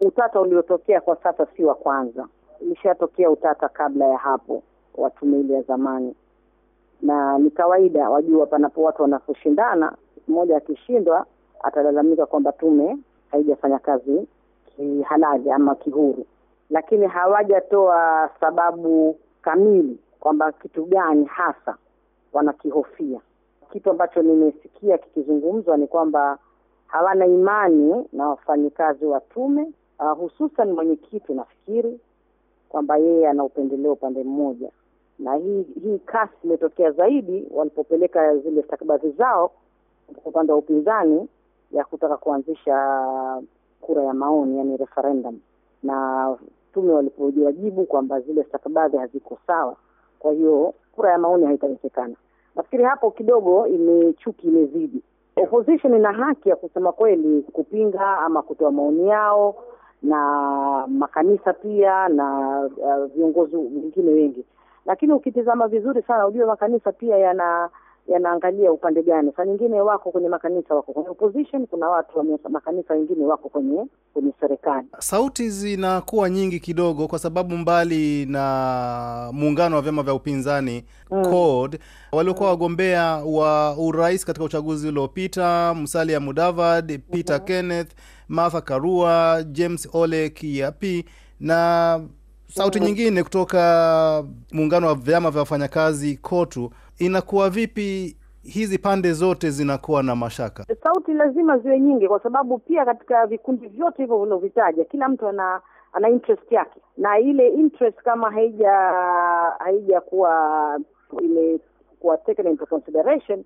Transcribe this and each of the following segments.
utata uliotokea kwa sasa si wa kwanza, ilishatokea utata kabla ya hapo wa tume ile ya zamani, na ni kawaida, wajua, panapo watu wanaposhindana, mmoja akishindwa atalalamika kwamba tume haijafanya kazi kihalali ama kihuru, lakini hawajatoa sababu kamili kwamba kitu gani hasa wanakihofia. Kitu ambacho nimesikia kikizungumzwa ni kwamba hawana imani na wafanyikazi wa tume uh, hususan mwenyekiti nafikiri kwamba yeye ana upendeleo upande mmoja na hii hii kasi imetokea zaidi walipopeleka zile stakabadhi zao upande wa upinzani ya kutaka kuanzisha kura ya maoni yani referendum na tume walipojiwajibu kwamba zile stakabadhi haziko sawa kwa hiyo kura ya maoni haitawezekana nafikiri hapo kidogo imechuki imezidi opposition ina haki ya kusema kweli kupinga ama kutoa maoni yao na makanisa pia na uh, viongozi wengine wengi, lakini ukitizama vizuri sana, ujue makanisa pia yana yanaangalia upande gani. Saa nyingine wako kwenye makanisa, wako kwenye opposition, kuna watu wa makanisa wengine wako kwenye kwenye serikali. Sauti zinakuwa nyingi kidogo, kwa sababu mbali na muungano wa vyama vya upinzani mm. CORD waliokuwa mm. wagombea wa urais katika uchaguzi uliopita, Musalia Mudavadi, Peter mm -hmm. Kenneth, Martha Karua, James Ole Kiapi na sauti mm -hmm. nyingine kutoka muungano wa vyama vya wafanyakazi KOTU inakuwa vipi hizi pande zote zinakuwa na mashaka? Eh, sauti lazima ziwe nyingi, kwa sababu pia katika vikundi vyote hivyo vinavyovitaja kila mtu ana ana interest yake, na ile interest kama haija haijakuwa imekuwa taken into consideration,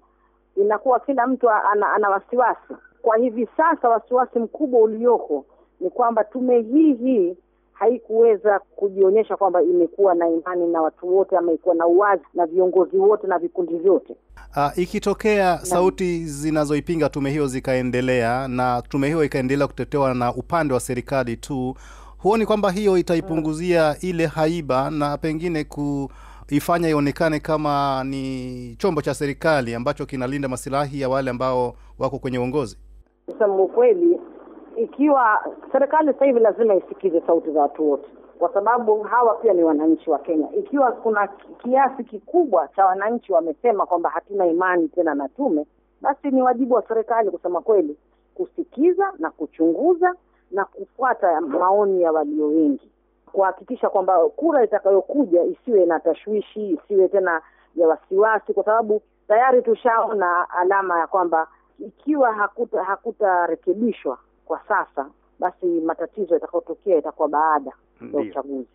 inakuwa kila mtu ana, ana wasiwasi. Kwa hivi sasa wasiwasi mkubwa ulioko ni kwamba tume hii hii haikuweza kujionyesha kwamba imekuwa na imani na watu wote ama ikuwa na uwazi na viongozi wote na vikundi vyote. Uh, ikitokea na sauti zinazoipinga tume hiyo zikaendelea na tume hiyo ikaendelea kutetewa na upande wa serikali tu, huoni kwamba hiyo itaipunguzia hmm, ile haiba na pengine kuifanya ionekane kama ni chombo cha serikali ambacho kinalinda masilahi ya wale ambao wako kwenye uongozi? Kusema ukweli ikiwa serikali sasa hivi lazima isikize sauti za watu wote kwa sababu hawa pia ni wananchi wa Kenya. Ikiwa kuna kiasi kikubwa cha wananchi wamesema kwamba hatuna imani tena na tume, basi ni wajibu wa serikali kusema kweli, kusikiza na kuchunguza na kufuata maoni ya walio wengi, kuhakikisha kwamba kura itakayokuja isiwe na tashwishi, isiwe tena ya wasiwasi, kwa sababu tayari tushaona alama ya kwamba ikiwa hakuta hakutarekebishwa kwa sasa, basi matatizo yatakayotokea itakuwa baada ya uchaguzi.